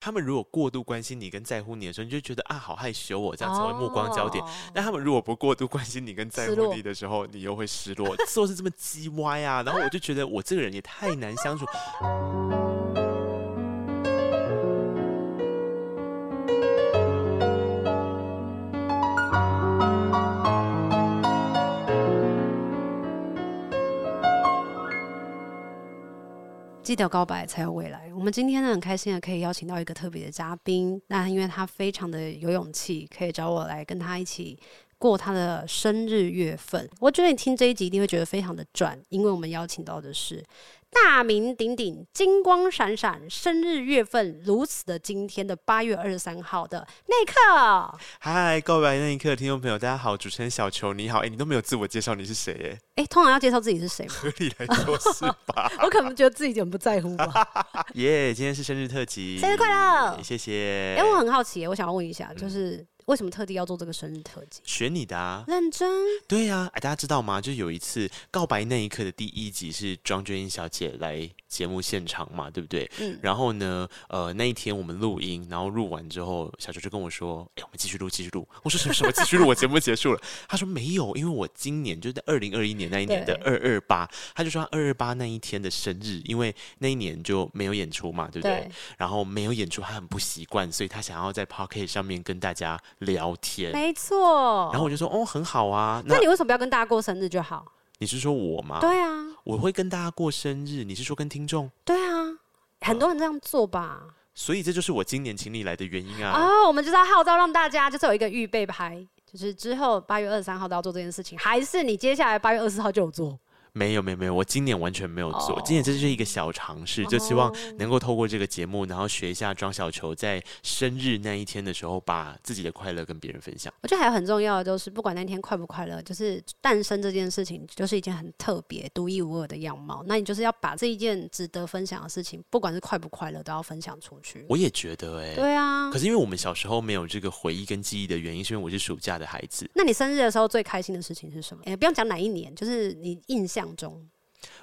他們如果過度關心你跟在乎你的時候，你就覺得啊好害羞，我、哦、這樣成為目光焦點。但他們如果不過度關心你跟在乎你的時候，你又會失落，做事這麼雞歪啊。 然後我就覺得我這個人也太難相處。 低調告白才有未來。我們今天呢，很開心的可以邀請到一個特別的嘉賓。那因為他非常的有勇氣，可以找我來跟他一起過他的生日月份。我覺得你聽這一集一定會覺得非常的賺，因為我們邀請到的是。大名鼎鼎、金光閃閃、生日月份如此的今天的八月二十三號的內克。嗨，各位那一刻，聽眾朋友，大家好，主持人小球，你好。哎、欸，你都沒有自我介紹你是誰？哎，哎，通常要介紹自己是誰嗎？合理來說是吧？ 我可能覺得自己有點不在乎吧。耶 yeah，今天是生日特輯，生日快樂。謝謝。哎、欸，我很好奇，我想要問一下，就是。嗯為什麼特地要做這個生日特輯？選你的啊，認真。對啊。哎，大家知道嗎？就有一次告白那一刻的第一集是莊娟英小姐來。節目現場嘛，對不對，嗯？然後呢，呃，那一天我們錄音，然後錄完之後，小周就跟我說：“哎、欸，我們繼續錄，繼續錄。”我說：“什麼什麼繼續錄？我節目結束了。 ”他說：“沒有，因為我今年就在二零二一年那一年的二二八，他就說他二二八那一天的生日，因為那一年就沒有演出嘛，對不對？對，然後沒有演出，他很不習慣，所以他想要在 Podcast 上面跟大家聊天。沒錯。然後我就說：哦，很好啊。那，那你為什麼不要跟大家過生日就好？你是說我嗎？對啊。”我會跟大家過生日，你是說跟聽眾？對啊，很多人這樣做吧。Uh, 所以這就是我今年請你來的原因啊！哦、oh,，我們就是要號召讓大家，就是有一個預備牌，就是之後八月二十三號都要做這件事情，還是你接下來八月二十四號就有做？沒有沒有沒有，我今年完全沒有做，Oh. 今年這是一個小嘗試，就希望能夠透過這個節目，然後學一下莊小球在生日那一天的時候，把自己的快樂跟別人分享。我覺得還有很重要的就是，不管那天快不快樂，就是誕生這件事情，就是一件很特別、獨一無二的樣貌。那你就是要把這一件值得分享的事情，不管是快不快樂，都要分享出去。我也覺得哎、欸，對啊。可是因為我們小時候沒有這個回憶跟記憶的原因，是因為我是暑假的孩子。那你生日的時候最開心的事情是什麼？哎、欸，不用講哪一年，就是你印象。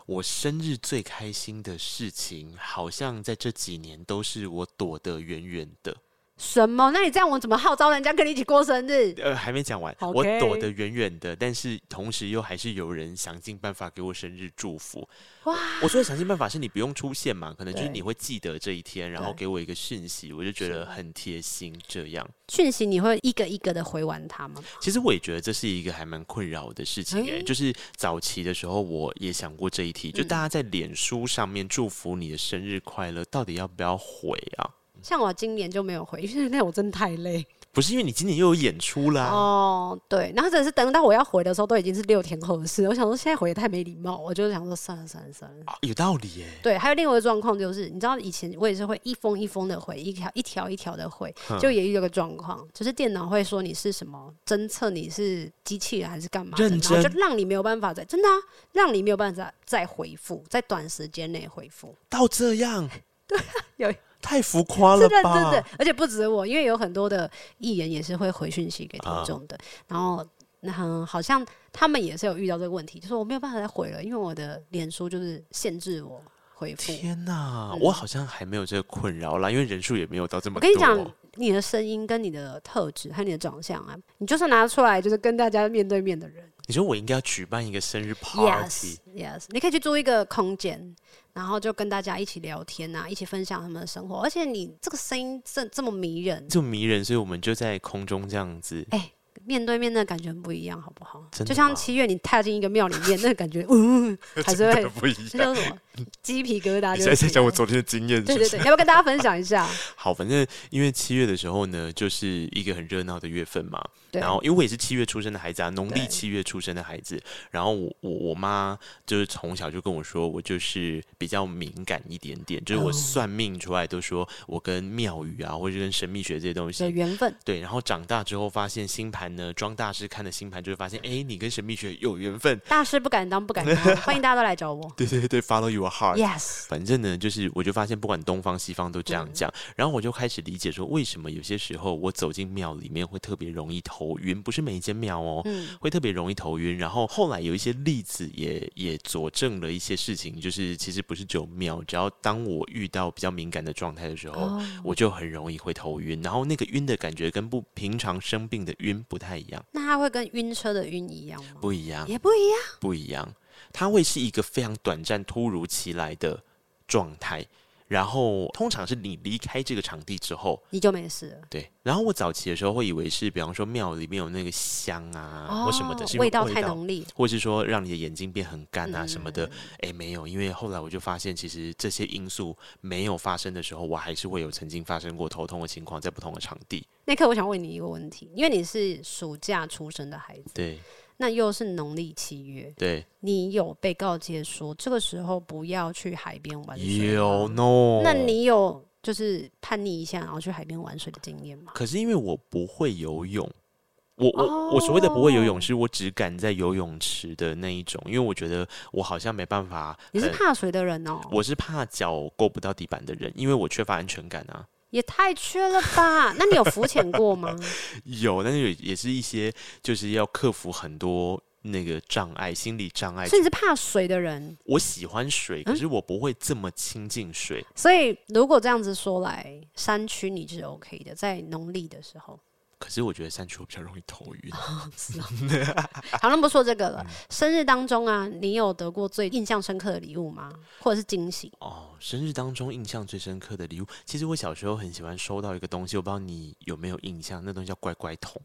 我生日最開心的事情，好像在這幾年都是我躲得遠遠的。什麼？那你這樣，我怎麼號召人家跟你一起過生日？呃，還沒講完，okay. 我躲得遠遠的，但是同時又還是有人想盡辦法給我生日祝福。哇！我，我說的想盡辦法，是你不用出現嘛？可能就是你會記得這一天，然後給我一個訊息，我就覺得很貼心這樣。訊息你會一個一個的回完他嗎？其實我也覺得這是一個還蠻困擾的事情哎、欸嗯。就是早期的時候，我也想過這一題，就大家在臉書上面祝福你的生日快樂、嗯，到底要不要回啊？像我今年就沒有回，因為那我真的太累。不是因為你今年又有演出啦。哦，對，然後只是等到我要回的時候，都已經是六天後的事。我想說現在回也太沒禮貌，我就想說算了算了算了，啊。有道理耶，欸。對，還有另外一個狀況就是，你知道以前我也是會一封一封的回，一條一條一條的回，嗯，就也遇到個狀況，就是電腦會說你是什麼偵測你是機器人還是幹嘛，然後就讓你沒有辦法再真的，啊，讓你沒有辦法再再回覆，在短時間內回復到這樣。對， 欸， 有。太浮誇了吧！是的，是的，而且不止我，因為有很多的藝人也是會回訊息給聽眾的。啊、然後，那、嗯、好像他們也是有遇到這個問題，就是我沒有辦法再回了，因為我的臉書就是限制我回復。天哪，我好像還沒有這個困擾啦，因為人數也沒有到這麼多。我跟你講，你的聲音、跟你的特質和你的長相啊，你就是拿出來就是跟大家面對面的人。你說我應該要舉辦一個生日 party？Yes，yes, 你可以去租一個空間。然後就跟大家一起聊天吶、啊，一起分享他們的生活。而且你這個聲音這這麼迷人，這麼迷人，所以我們就在空中這樣子。欸。面對面的感覺很不一樣，好不好？真的，就像七月你踏進一個廟裡面，那個感覺，嗯、 呃，還是會，這叫什麼？雞皮疙瘩。現在現在講我昨天的經驗，對對對，要不要跟大家分享一下？ 好，反正因為七月的時候呢，就是一個很熱鬧的月份嘛。對。然後，因為我也是七月出生的孩子啊，農曆七月出生的孩子。然後我我我媽就是從小就跟我說，我就是比較敏感一點點，就是我算命出來都說我跟廟宇啊，或者跟神秘學這些東西的緣分。對。然後長大之後發現星盤。那莊大師看的星盤就會發現，哎、欸，你跟神秘學有緣分。大師不敢當，不敢當。 歡迎大家都來找我。 對對對，Follow your heart。Yes。反正呢，就是我就發現，不管東方西方都這樣講。嗯、然後我就開始理解說，為什麼有些時候我走進廟裡面會特別容易頭暈？不是每一間廟哦，嗯、會特別容易頭暈。然後後來有一些例子也也佐證了一些事情，就是其實不是只有廟，只要當我遇到比較敏感的狀態的時候、嗯，我就很容易會頭暈。然後那個暈的感覺跟不平常生病的暈不太太一樣，那它會跟暈車的暈一樣嗎？不一樣，也不一樣，不一樣。它會是一個非常短暫、突如其來的狀態。然後，通常是你離開這個場地之後，你就沒事了。對。然後我早期的時候會以為是，比方說廟裡面有那個香啊，哦、或什麼的，是味道太濃烈，或是說讓你的眼睛變很乾啊、嗯、什麼的。哎、欸，沒有，因為後來我就發現，其實這些因素沒有發生的時候，我還是會有曾經發生過頭痛的情況在不同的場地。那可我想問你一個問題，因為你是暑假出生的孩子，對。那又是農曆七月，對，你有被告誡說這個時候不要去海邊玩水嗎？有 no，那你有就是叛逆一下，然後去海邊玩水的經驗嗎？可是因為我不會游泳，我我、oh、我所謂的不會游泳，是我只敢在游泳池的那一種，因為我覺得我好像沒辦法。你是怕水的人哦？我是怕腳夠不到地板的人，因為我缺乏安全感啊。也太缺了吧？那你有浮潛過嗎？ 有，但是也也是一些，就是要克服很多那個障礙，心理障礙，甚至是怕水的人。我喜歡水，可是我不會這麼親近水、嗯。所以，如果這樣子說來，山區你是 OK 的，在農曆的時候。可是我覺得山區我比較容易頭暈，oh,。 好了，不說這個了，嗯。生日當中啊，你有得過最印象深刻的禮物嗎？或者是驚喜？哦，oh,，生日當中印象最深刻的禮物，其實我小時候很喜歡收到一個東西，我不知道你有沒有印象，那東西叫乖乖桶，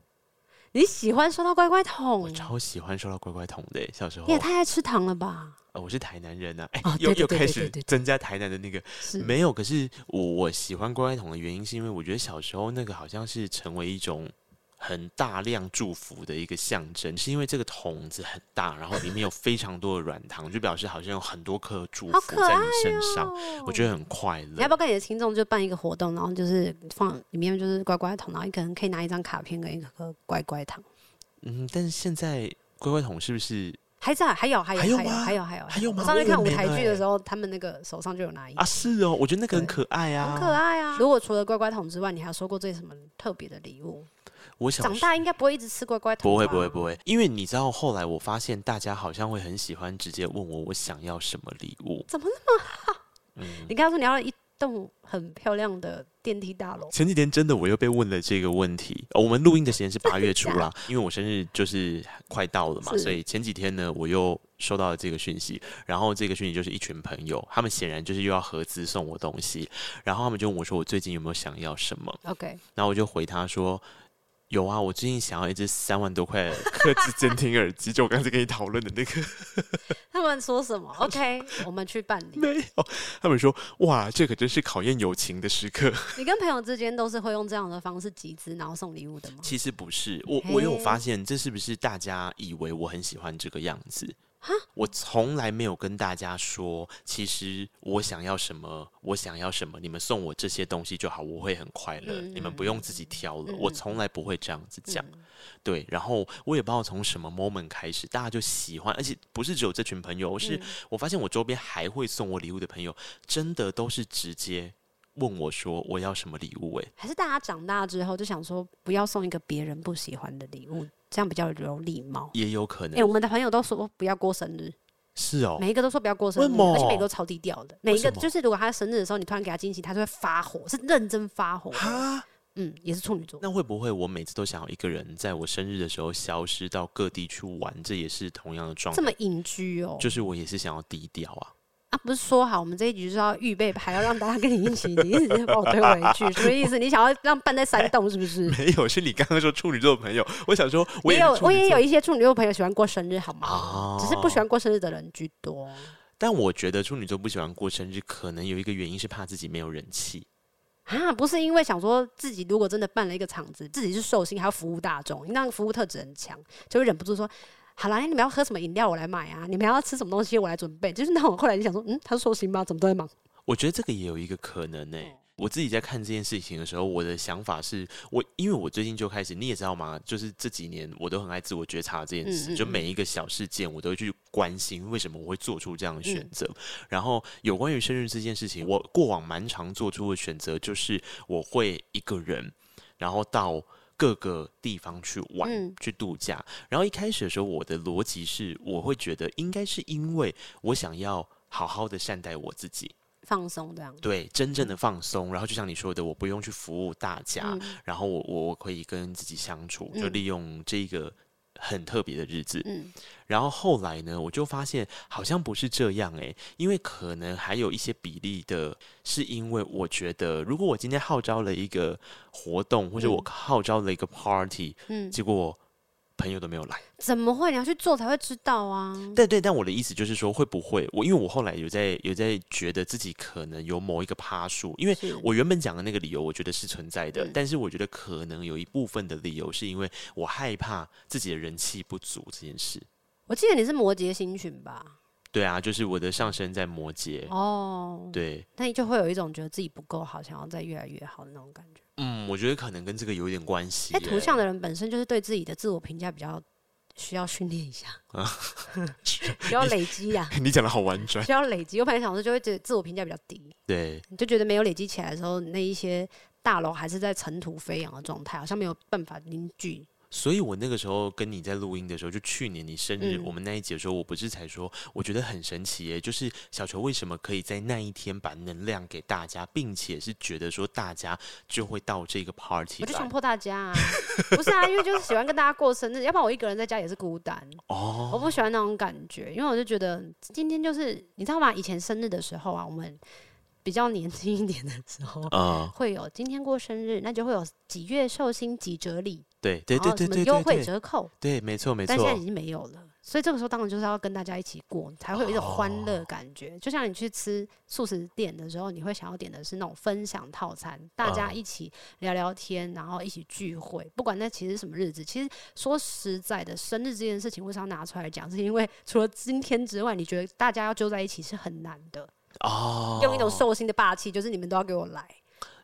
你喜歡收到乖乖桶？我超喜歡收到乖乖桶的，小時候你也太愛吃糖了吧。哦、我是台南人啊、啊，哎、欸啊，又對對對對對對對對又開始增加台南的那個，沒有。可是我我喜歡乖乖桶的原因，是因為我覺得小時候那個好像是成為一種很大量祝福的一個象徵，是因為這個桶子很大，然後裡面有非常多的軟糖， 就表示好像有很多顆祝福在你身上，哦、我覺得很快樂。你要不要跟你的聽眾就辦一個活動，然後就是放裡面就是乖乖桶，然後你可能可以拿一張卡片跟一顆乖乖糖。嗯，但是現在乖乖桶是不是？還在還有、還有、還有、還有、還有、還有、還有、還有。我上次看舞台劇的時候，欸，他們那個手上就有拿一個。啊，是哦，我覺得那個很可愛啊。很可愛啊！如果除了乖乖桶之外，你還有收過最什麼特別的禮物？我想長大應該不會一直吃乖乖，不會，不會，不會。因為你知道，後來我發現大家好像會很喜歡直接問我我想要什麼禮物，怎麼那麼……好？嗯、你剛剛說你要一。棟很漂亮的電梯大樓。前幾天真的我又被問了這個問題。哦，我們錄音的時間是八月初了啊， 因為我生日就是快到了嘛，所以前幾天呢我又收到了這個訊息，然後這個訊息就是一群朋友，他們顯然就是又要合資送我東西，然後他們就問我說我最近有沒有想要什麼？OK，然後我就回他說。有啊，我最近想要一只三萬多塊的客製監聽耳機， 就我剛才跟你討論的那個。 他們說什麼？OK， 我們去辦理。沒有，他們說哇，這可真是考驗友情的時刻。 你跟朋友之間都是會用這樣的方式集資，然後送禮物的嗎？其實不是，我我有發現，這是不是大家以為我很喜歡這個樣子？我從來沒有跟大家說，其實我想要什麼，我想要什麼，你們送我這些東西就好，我會很快樂、嗯。你們不用自己挑了，嗯、我從來不會這樣子講、嗯。對，然後我也不知道從什麼 moment 開始，大家就喜歡，而且不是只有這群朋友，我是、嗯、我發現我周邊還會送我禮物的朋友，真的都是直接問我說我要什麼禮物、欸。哎，還是大家長大之後就想說，不要送一個別人不喜歡的禮物。這樣比較有禮貌，也有可能。哎、欸，我們的朋友都說不要過生日，是哦、喔，每一個都說不要過生日，為什麼？而且每一個都超低調的，每一個就是如果他生日的時候你突然給他驚喜，他就會發火，是認真發火。啊，嗯，也是處女座，那會不會我每次都想要一個人在我生日的時候消失到各地去玩？這也是同樣的狀況。這麼隱居哦、喔，就是我也是想要低調啊。啊，不是說好，我們這一局是要預備，還要讓大家跟你一起，你一直把我推回去， 什麼意思？你想要讓辦在山洞是不是？欸、沒有，是你剛剛說處女座的朋友，我想說我也，我有，我也有一些處女座朋友喜歡過生日，好嗎、哦？只是不喜歡過生日的人居多。但我覺得處女座不喜歡過生日，可能有一個原因是怕自己沒有人氣啊，不是因為想說自己如果真的辦了一個場子，自己是壽星，還要服務大眾，那個服務特質很強，就會忍不住說。好啦，你們要喝什麼飲料，我來買啊！你們要吃什麼東西，我來準備。就是那我後來就想說，嗯，他是壽星嗎？怎麼都在忙？我覺得這個也有一個可能呢、欸。我自己在看這件事情的時候，我的想法是我，因為我最近就開始你也知道嗎？就是這幾年我都很愛自我覺察這件事、嗯嗯嗯，就每一個小事件我都會去關心為什麼我會做出這樣的選擇、嗯。然後有關於生日這件事情，我過往蠻常做出的選擇就是我會一個人，然後到。各個地方去玩，嗯，去度假，然後一開始的時候，我的邏輯是，我會覺得應該是因為我想要好好的善待我自己，放鬆這樣子，對，真正的放鬆，嗯。然後就像你說的，我不用去服務大家，嗯，然後我我可以跟自己相處，就利用這個。很特別的日子，嗯，然後後來呢，我就發現好像不是這樣誒，因為可能還有一些比例的，是因為我覺得，如果我今天號召了一個活動，或者我號召了一個 party，嗯，結果。朋友都沒有來，怎麼會？你要去做才會知道啊！對對，但我的意思就是說，會不會我因為我後來有在有在覺得自己可能有某一個趴數，因為我原本講的那個理由，我覺得是存在的，但是我覺得可能有一部分的理由是因為我害怕自己的人氣不足這件事。我記得你是摩羯星群吧？對啊，就是我的上升在摩羯哦。對，那你就會有一種覺得自己不夠好，想要再越來越好的那種感覺。嗯，我覺得可能跟這個有點關係。哎，圖像的人本身就是對自己的自我評價比較需要訓練一下，啊、 需要累積呀、啊。 你講得好婉轉。需要累積。我反正小時候就會覺得自我評價比較低，對，你就覺得沒有累積起來的時候，那一些大樓還是在塵土飛揚的狀態，好像沒有辦法凝聚。所以，我那個時候跟你在錄音的時候，就去年你生日，嗯、我們那一集的時候，我不是才說，我覺得很神奇耶、欸，就是小球為什麼可以在那一天把能量給大家，並且是覺得說大家就會到這個 party，我就強迫大家、啊， 不是啊，因為就是喜歡跟大家過生日， 要不然我一個人在家也是孤單哦，我不喜歡那種感覺，因為我就覺得今天就是你知道嗎？以前生日的時候啊，我們。比較年輕一點的時候，uh, 會有今天過生日，那就會有幾月壽星幾折禮，對對對對對，什麼優惠折扣，對，對對對對對對沒錯沒錯。但現在已經沒有了，所以這個時候當然就是要跟大家一起過，才會有一種歡樂感覺。Uh, 就像你去吃素食店的時候，你會想要點的是那種分享套餐，大家一起聊聊天，uh, 然後一起聚會，不管那其實什麼日子。其實說實在的，生日這件事情為什麼要拿出來講？是因為除了今天之外，你覺得大家要揪在一起是很難的。哦、oh，用一種壽星的霸氣，就是你們都要給我來，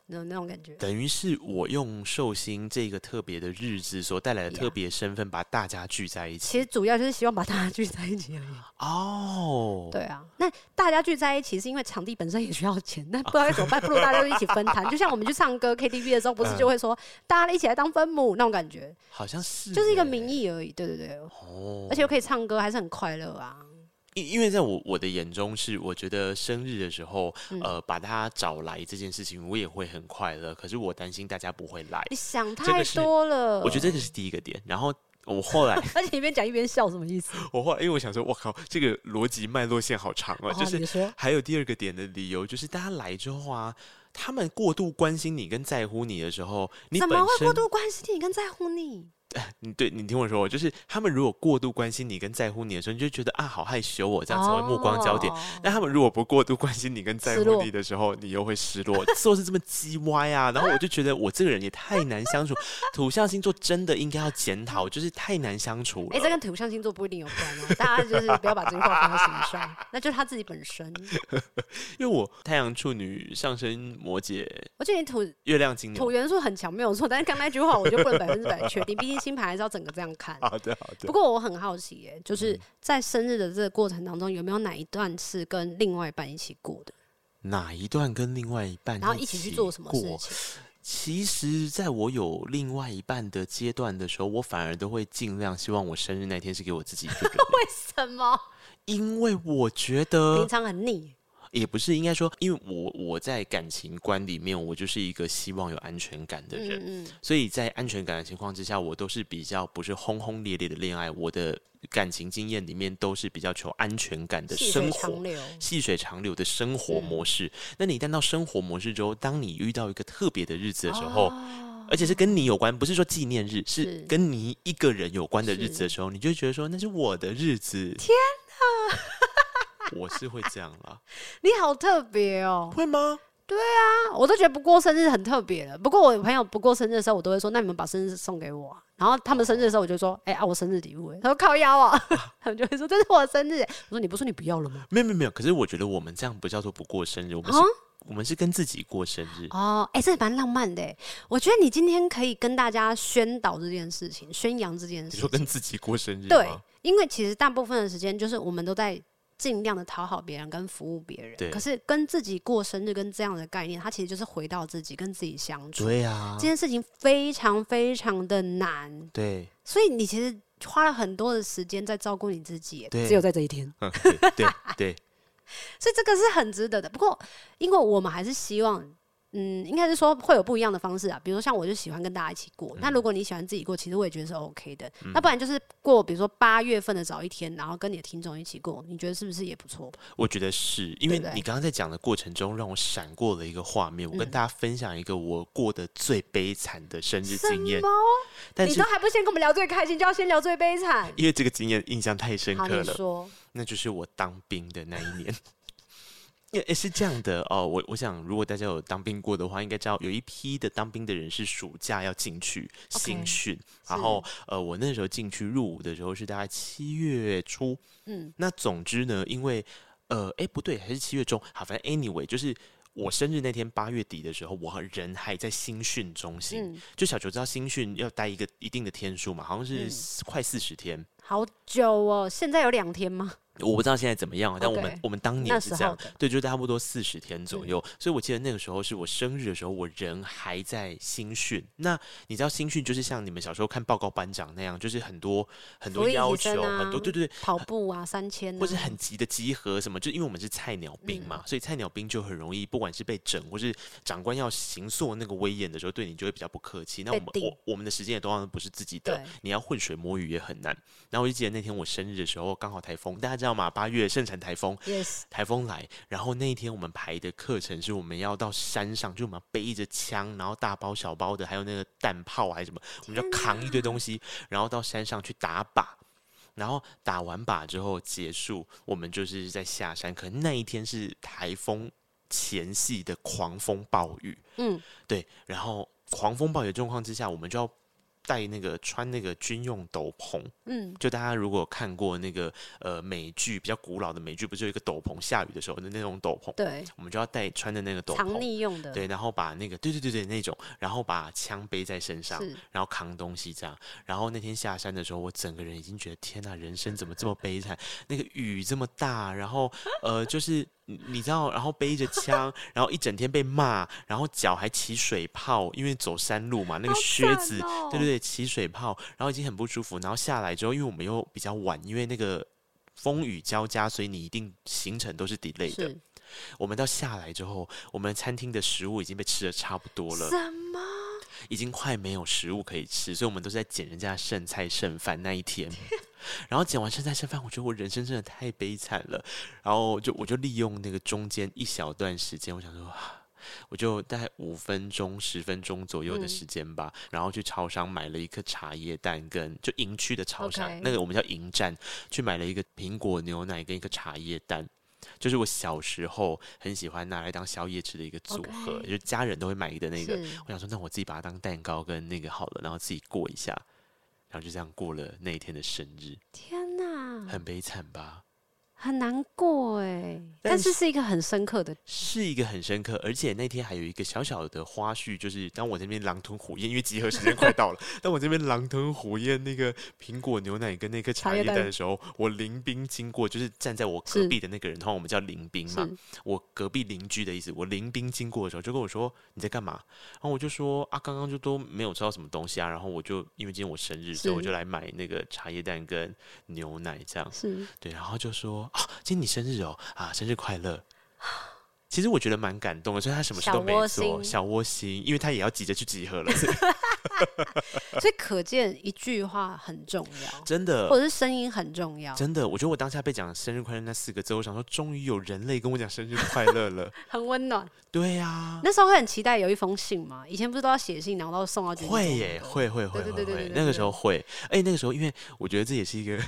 那那種感覺，等於是我用壽星這個特別的日子所帶來的特別身份，yeah. 把大家聚在一起。其實主要就是希望把大家聚在一起啊。哦、oh，對啊，那大家聚在一起是因為場地本身也需要錢，那不知道怎麼辦，不如大家就一起分攤？ 就像我們去唱歌 KTV 的時候，不是就會說大家一起來當分母那種感覺？好像是、欸，就是一個名義而已。對對對，哦、oh，而且又可以唱歌，還是很快樂啊。因為在我我的眼中是，我覺得生日的時候，嗯，呃，把他找來這件事情，我也會很快樂。可是我擔心大家不會來。你想太多了。我覺得這個是第一個點。然後我後來， 而且一邊講一邊笑，什麼意思？我後來因為我想說，我靠，這個邏輯脈絡線好長啊。就是還有第二個點的理由，就是大家來之後啊，他們過度關心你跟在乎你的時候，你怎麼會過度關心你跟在乎你？哎、呃，你對，你聽我說，就是他們如果過度關心你跟在乎你的時候，你就覺得啊，好害羞、哦，我這樣成為、哦、目光焦點。但他們如果不過度關心你跟在乎你的時候，你又會失落，做事這麼雞歪啊。然後我就覺得我這個人也太難相處，土象星座真的應該要檢討， 就是太難相處。哎、欸，這跟土象星座不一定有關嗎、啊？ 大家就是不要把這句話放到心上 那就是他自己本身。 因為我太陽處女上升摩羯，我覺得你土月亮金土元素很強，沒有錯。但是剛才那句話我就不能百分之百確定，畢竟。新 牌還是要整個這樣看。好的，對好的。不過我很好奇耶，就是在生日的這個過程當中，嗯，有沒有哪一段是跟另外一半一起過的？哪一段跟另外一半一然後一起去做什麼事情？其實在我有另外一半的階段的時候，我反而都會盡量希望我生日那天是給我自己 為什麼？因為我覺得平常很膩。也不是應該說，因為我我在感情觀裡面，我就是一個希望有安全感的人，嗯嗯，所以在安全感的情況之下，我都是比較不是轟轟烈烈的戀愛。我的感情經驗裡面都是比較求安全感的生活，細水長流，細水長流的生活模式。那你一旦到生活模式之後，當你遇到一個特別的日子的時候，哦，而且是跟你有關，不是說紀念日，是，是跟你一個人有關的日子的時候，你就會覺得說那是我的日子，天。我是會這樣啦。 你好特別哦、喔！會嗎？對啊，我都覺得不過生日很特別的。不過我朋友不過生日的時候，我都會說：“那你們把生日送給我、啊。”然後他們生日的時候，我就說：“哎、欸、啊，我生日禮物。”他說：“靠腰啊、喔！” 他們就會說：“這是我的生日。”我說：“你不是說你不要了嗎？”沒有沒有沒有。可是我覺得我們這樣不叫做不過生日，我們是，嗯、我們是跟自己過生日哦。哎、欸，這蠻浪漫的。我覺得你今天可以跟大家宣導這件事情，宣揚這件事情。你說跟自己過生日嗎？對，因為其實大部分的時間就是我們都在。盡量的討好別人跟服務別人，可是跟自己過生日跟這樣的概念，它其實就是回到自己跟自己相處。對啊。這件事情非常非常的難。對，所以你其實花了很多的時間在照顧你自己，對對，只有在這一天。對、嗯、對，對對 所以這個是很值得的。不過，因為我們還是希望。嗯，應該是說，會有不一樣的方式啊，比如說像我就喜歡跟大家一起過，嗯、那如果你喜歡自己過，其實我也覺得是 OK 的。嗯、那不然就是過，比如說八月份的早一天，然後跟你的聽眾一起過，你覺得是不是也不錯？我覺得是，因為你剛剛在講的過程中，讓我閃過了一個畫面，我跟大家分享一個我過得最悲慘的生日經驗。什麼？但是你都還不先跟我們聊最開心，就要先聊最悲慘？因為這個經驗印象太深刻了。說，那就是我當兵的那一年。誒、欸，是這樣的，哦，我我想，如果大家有當兵過的話，應該知道有一批的當兵的人是暑假要進去新訓，okay, 然後，呃，我那時候進去入伍的時候是大概七月初，嗯，那總之呢，因為，呃，哎、欸，不對，還是七月中，好，反正 anyway，就是我生日那天八月底的時候，我和人還在新訓中心、嗯，就小球知道新訓要待一個一定的天數嘛，好像是快四十天。嗯好久哦，現在有兩天嗎、嗯？我不知道現在怎麼樣，但我們 okay, 我們當年是這樣，對，就是差不多四十天左右，嗯。所以我記得那個時候是我生日的時候，我人還在新訓。那你知道新訓就是像你們小時候看報告班長那樣，就是很多很多要求，啊、很多對對、對跑步啊、三千啊，或是很急的集合什麼。就因為我們是菜鳥兵嘛，嗯，所以菜鳥兵就很容易，不管是被整或是長官要形塑那個威嚴的時候，對你就會比較不客氣。那我們我我們的時間也都不是自己的，你要渾水摸魚也很難。我就記得那天我生日的時候，剛好台風，大家知道嗎？八月盛產颱風，颱風，yes. 颱風來。然後那一天我們排的課程是，我們要到山上，就我們要背着槍，然後大包小包的，還有那個彈炮還是什麼，我們要扛一堆東西，然後到山上去打靶。然後打完靶之後結束，我們就是在下山。可那一天是颱風前夕的狂風暴雨，嗯，對。然後狂風暴雨的狀況之下，我們就要。帶那個穿那個軍用斗篷，嗯，就大家如果看過那個呃，美劇，比較古老的美劇，不是有一個斗篷，下雨的時候的那種斗篷，對，我們就要帶穿的那個斗篷藏匿用的，對，然後把那個對對對對那種，然後把槍背在身上，然後扛東西這樣，然後那天下山的時候，我整個人已經覺得天哪、啊，人生怎麼這麼悲慘， 那個雨這麼大，然後呃就是。 你知道，然後背着槍，然後一整天被罵，然後腳還起水泡，因為走山路嘛，那個靴子，哦、對對對，起水泡，然後已經很不舒服。然後下來之後，因為我們又比較晚，因為那個風雨交加，所以你一定行程都是 delay 的。我們到下來之後，我們餐廳的食物已經被吃得差不多了，什麼？已經快沒有食物可以吃，所以我們都是在撿人家剩菜剩飯。那一天。 然後撿完剩菜剩飯，我覺得我人生真的太悲慘了。然後就我就利用那個中間一小段時間，我想說，我就大概五分鐘十分鐘左右的時間吧，嗯、然後去超商買了一顆茶葉蛋跟，跟就營區的超商、okay. 那個我們叫營站去買了一個蘋果牛奶跟一顆茶葉蛋，就是我小時候很喜歡拿來當宵夜吃的一個組合，okay. 就是家人都會買的那個。我想說，那我自己把它當蛋糕跟那個好了，然後自己過一下。然後就這樣過了那一天的生日。天哪，很悲慘吧？很難過哎、嗯，但是是一個很深刻的，的，是一個很深刻，而且那天還有一個小小的花絮，就是當我這邊狼吞虎嚥，因為集合時間快到了，但 我這邊狼吞虎嚥那個蘋果牛奶跟那顆茶葉蛋的時候，我鄰兵經過，就是站在我隔壁的那個人，他我們叫鄰兵嘛，我隔壁鄰居的意思，我鄰兵經過的時候就跟我說你在幹嘛？然後我就說啊，剛剛就都沒有吃到什麼東西啊，然後我就因為今天我生日，所以我就來買那個茶葉蛋跟牛奶這樣，對，然後就說。哦，今天你生日哦！啊，生日快樂！其實我覺得蠻感動的，所以他什麼事都沒做，小窩心，心，因為他也要急着去集合了。 所以可見一句話很重要，真的，或者是聲音很重要，真的。我覺得我當下被講“生日快樂”那四個字，我想說，終於有人類跟我講“生日快樂”了， 很溫暖。對呀、啊，那時候會很期待有一封信嗎？以前不是都要寫信，然後都送到會、欸，耶，會會會會會，對對對對對，那個時候會。哎、欸，那個時候，因為我覺得這也是一個。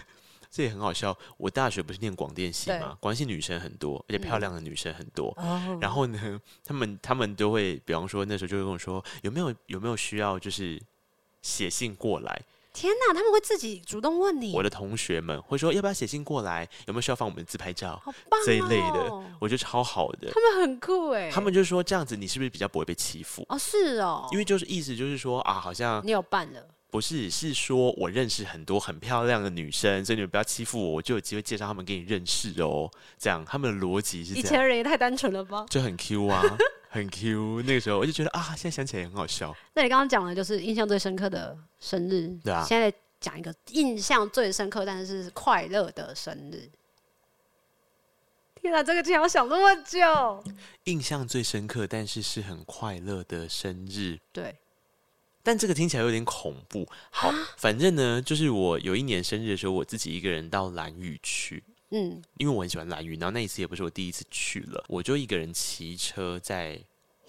這也很好笑。我大學不是念廣電系嘛，廣電系女生很多，而且漂亮的女生很多、嗯。然後呢，他們他們都會，比方說那時候就會跟我說，有沒有有沒有需要，就是寫信過來。天哪，他們會自己主動問你。我的同學們會說，要不要寫信過來？有沒有需要放我們的自拍照？好棒哦、這一類的，我覺得超好的。他們很酷哎。他們就說這樣子，你是不是比較不會被欺負？哦，是哦，因為就是意思就是說啊，好像你有辦了。不是，是說我認識很多很漂亮的女生，所以你們不要欺負我，我就有機會介紹他們給你認識哦。這樣，他們的邏輯是這樣：以前人也太單純了吧？就很 Q 啊， 很 Q。那個時候，我就覺得啊，現在想起來也很好笑。那你剛剛講的就是印象最深刻的生日，對啊。現在講一個印象最深刻但是快樂的生日。天啊，這個竟然要想那麼久！印象最深刻但是是很快樂的生日，對。但這個聽起來有點恐怖。好，反正呢，就是我有一年生日的時候，我自己一個人到蘭嶼去。嗯，因為我很喜歡蘭嶼，然後那一次也不是我第一次去了，我就一個人騎車在。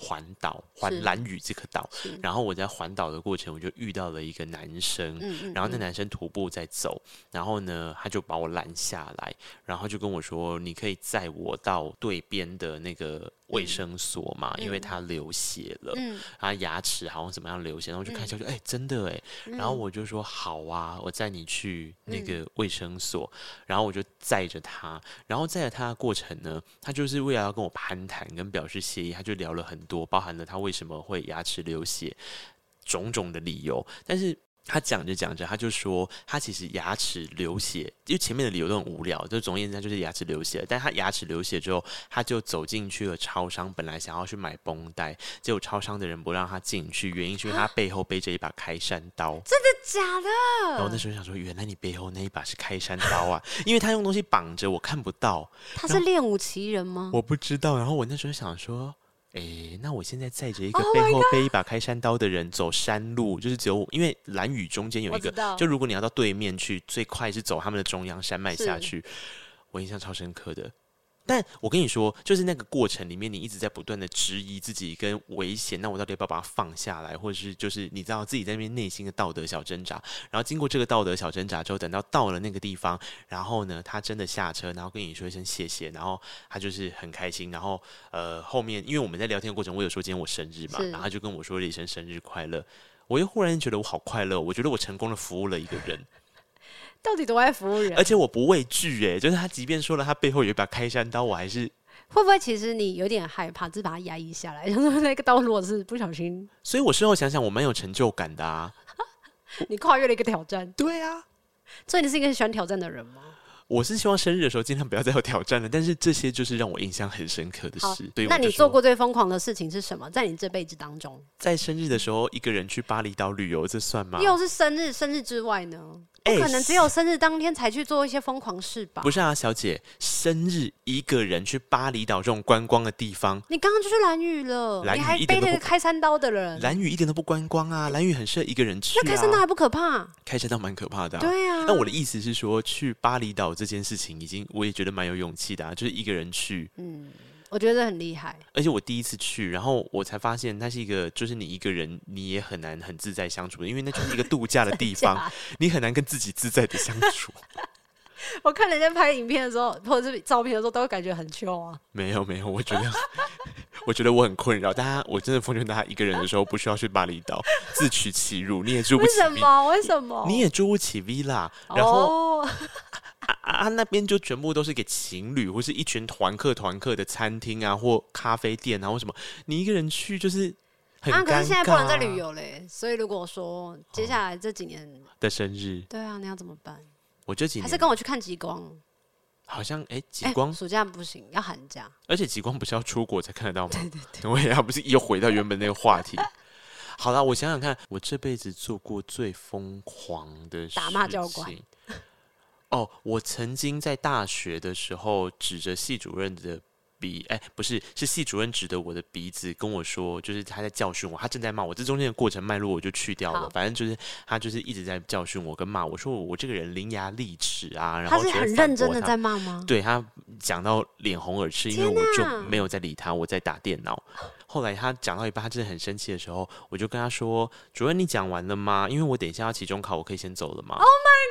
環島，環蘭嶼這個島。然後我在環島的過程，我就遇到了一個男生，嗯嗯嗯。然後那男生徒步在走，然後呢，他就把我攔下來，然後就跟我說：“你可以載我到對邊的那個衛生所嘛，嗯？”因為他流血了，嗯，他牙齒好像怎麼樣流血，嗯，然後我就看下去，哎，欸，真的哎，欸嗯。然後我就說：“好啊，我載你去那個衛生所。嗯”然後我就。載着他，然後載着他的過程呢，他就是為了要跟我攀談，跟表示謝意，他就聊了很多，包含了他為什麼會牙齒流血，種種的理由，但是。他講着講着，他就說他其實牙齒流血，因為前面的理由都很無聊，就總而言之他就是牙齒流血。但他牙齒流血之後，他就走進去了超商，本來想要去買繃帶，結果超商的人不讓他進去，原因就是他背後背着一把開山刀。啊？真的假的？然後那時候想說，原來你背後那一把是開山刀啊， 因為他用東西綁着我看不到。他是練武奇人嗎？我不知道。然後我那時候想說。誒，那我現在載着一個背後背一把開山刀的人走山路，oh，就是只有，因為藍雨中間有一個，就如果你要到對面去，最快是走他們的中央山脈下去，我印象超深刻的。但我跟你說，就是那個過程裡面，你一直在不斷的質疑自己跟危險。那我到底要不要把它放下來？或者是就是你知道自己在那邊內心的道德小掙扎。然後經過這個道德小掙扎之後，等到到了那個地方，然後呢，他真的下車，然後跟你說一聲謝謝，然後他就是很開心。然後呃，後面因為我們在聊天的過程，我有說今天我生日嘛，然後他就跟我說了一聲生日快樂。我又忽然覺得我好快樂，我覺得我成功的服務了一個人。到底多愛服務人？而且我不畏懼哎，就是他，即便說了他背後有一把開山刀，我還是會不會？其實你有點害怕，只是把它壓抑下來。然後那個刀，如果是不小心，所以我事後想想，我蠻有成就感的啊！ 你跨越了一個挑戰，對啊，所以你是一個喜歡挑戰的人嗎？我是希望生日的時候儘量不要再有挑戰了。但是這些就是讓我印象很深刻的事。對，那你做過最瘋狂的事情是什麼？在你這輩子當中，在生日的時候一個人去巴厘島旅遊，這算嗎？又是生日，生日之外呢？不可能只有生日當天才去做一些瘋狂事吧？欸、是不是啊，小姐，生日一個人去巴厘島這種觀光的地方，你剛剛就是蘭嶼了，蘭嶼一點都不，你還背那個開山刀的人，蘭嶼一點都不觀光啊，蘭嶼很適合一個人去、啊。那開山刀還不可怕？開山刀蠻可怕的、啊。對啊，那我的意思是說，去巴厘島這件事情，已經我也覺得蠻有勇氣的、啊，就是一個人去。嗯。我覺得很厲害，而且我第一次去，然後我才發現，那是一個，就是你一個人，你也很難很自在相處，因為那就是一個度假的地方， 你很難跟自己自在的相處。 我看人家拍影片的時候，或者是照片的時候，都會感覺很窮啊。沒有沒有，我覺得， 我覺得我很困擾。大家、啊，我真的奉勸大家，一個人的時候 不需要去巴厘島，自取其辱，你也住不起。為什麼？為什麼？你也住不起 Villa。 然後。 啊，啊那邊就全部都是給情侶或是一群團客團客的餐廳啊，或咖啡店啊，或什麼。你一個人去就是很、啊啊……可是現在不能再旅遊嘞。所以如果說接下來這幾年、哦、的生日，對啊，你要怎麼辦？我這幾年還是跟我去看極光。好像哎，極、欸、光、欸、暑假，不行，要寒假。而且極光不是要出國才看得到嗎？ 對，對對對。我也要，不是又回到原本那個話題？ 好了，我想想看，我這輩子做過最瘋狂的事情，打罵教官。哦、oh,，我曾經在大學的時候指着系主任的鼻，哎、欸，不是，是系主任指着我的鼻子跟我說，就是他在教訓我，他正在罵我。這中間的過程脈絡我就去掉了，反正就是他就是一直在教訓我跟罵我說我這個人伶牙俐齒啊，然後他,他是很認真的在罵嗎？對他講到臉紅耳赤，因為我就沒有在理他，我在打電腦、啊。後來他講到一半，他真的很生氣的時候，我就跟他說：“主任，你講完了嗎？因為我等一下要期中考，我可以先走了嗎？”Oh my、God。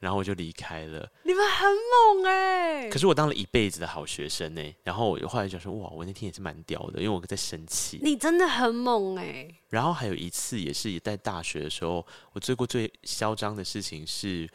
然後我就離開了。你們很猛欸！可是我當了一輩子的好學生欸。然後我後來就說：“哇，我那天也是蠻屌的，因為我在生氣。”你真的很猛欸！然後還有一次，也是也在大學的時候，我做過最囂張的事情是。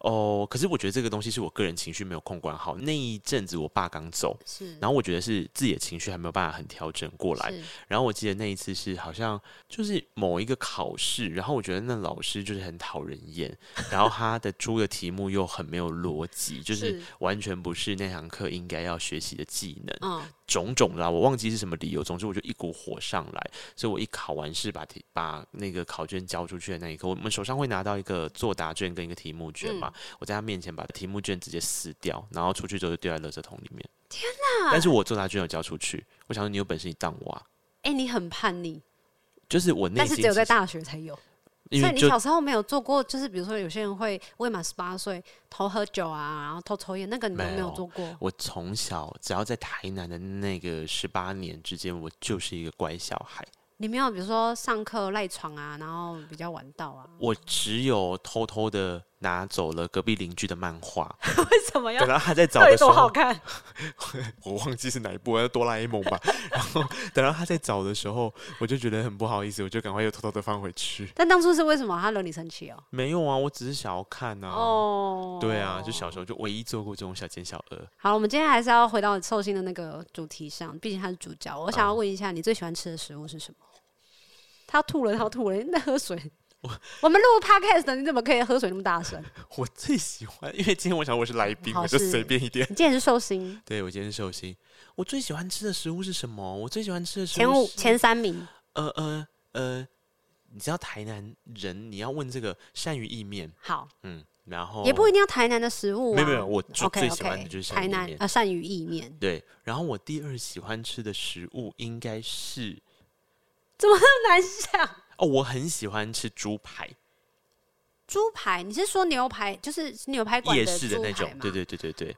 哦，可是我覺得這個東西是我個人情緒沒有控管好。那一陣子，我爸剛走，是，然後我覺得是自己的情緒還沒有辦法很調整過來。然後我記得那一次是好像就是某一個考試，然後我覺得那老師就是很討人厭， 然後他的出的題目又很沒有邏輯，就是完全不是那堂課應該要學習的技能，嗯、種種啦、啊，我忘記是什麼理由。總之，我就一股火上來，所以我一考完試把題把那個考卷交出去的那一刻，我們手上會拿到一個作答卷跟一個題目卷嘛。嗯我在他面前把題目卷直接撕掉，然後出去之後就丟在垃圾桶裡面。天哪！但是我做答卷有交出去。我想說，你有本事你當我啊？哎、欸，你很叛逆，就是我。但是只有在大學才有因為，所以你小時候沒有做過。就是比如說，有些人會未滿十八歲偷喝酒啊，然後偷抽菸，那個你都沒有做過。我從小只要在台南的那個十八年之間，我就是一個乖小孩。你沒有，比如說上課賴床啊，然後比較晚到啊。我只有偷偷的。拿走了隔壁鄰居的漫畫，為什麼要？等到他在找的時候，多好看！ 我忘記是哪一部，要哆啦 A 夢吧。 然後等到他在找的時候，我就覺得很不好意思，我就趕快又偷偷的放回去。但當初是為什麼他惹你生氣哦？沒有啊，我只是想要看啊哦，對啊，就小時候就唯一做過這種小奸小惡。好，我們今天還是要回到壽星的那個主題上，畢竟他是主角。我想要問一下，你最喜歡吃的食物是什麼？嗯、他吐了，他吐了，那喝水。我我們錄 Podcast 的，你怎麼可以喝水那麼大聲？我最喜歡，因為今天我想我是來賓，我就隨便一點。你今天是壽星，對，我今天是壽星。我最喜歡吃的食物是什麼？我最喜歡吃的食物是前五前三名，呃呃呃，你知道台南人，你要問這個鱔魚意麵，好，嗯，然後也不一定要台南的食物、啊，沒有沒有，我最喜歡的就是台南啊鱔魚意麵。對，然後我第二喜歡吃的食物應該是，怎麼那麼難想？哦，我很喜歡吃豬排。豬排，你是說牛排？就是牛排館、夜市的那種？對對對對對。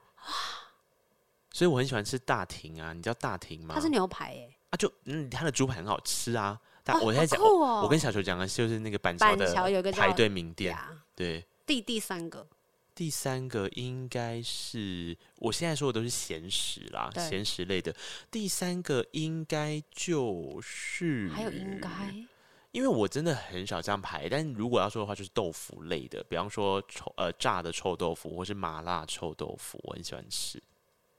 所以我很喜歡吃大庭啊，你知道大庭嗎？它是牛排哎。啊，就嗯，它的豬排很好吃啊。但我在講、哦哦，我跟小球講的，就是那個板橋的板有個排隊名店。對，第第三個，第三個應該是，我現在說的都是鹹食啦，鹹食類的。第三個應該就是，還有應該。因為我真的很少這樣排，但如果要說的話，就是豆腐類的，比方說臭呃炸的臭豆腐，或是麻辣臭豆腐，我很喜歡吃。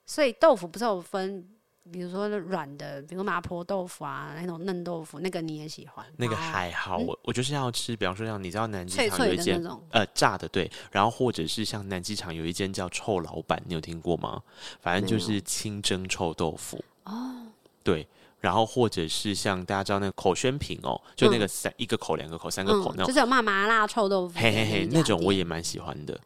所以豆腐不是有分，比如說軟的，比如說麻婆豆腐啊，那種嫩豆腐，那個你也喜歡？那個還好，嗯、我我就是要吃，比方說像你知道南機場有一間呃炸的對，然後或者是像南機場有一間叫臭老板，你有聽過嗎？反正就是清蒸臭豆腐哦，對。然後或者是像大家知道那個口宣品哦，就那個三、嗯、一個口兩個口三個口、嗯、那種，就是有麻辣臭豆腐，嘿嘿嘿，那種我也蠻喜歡的。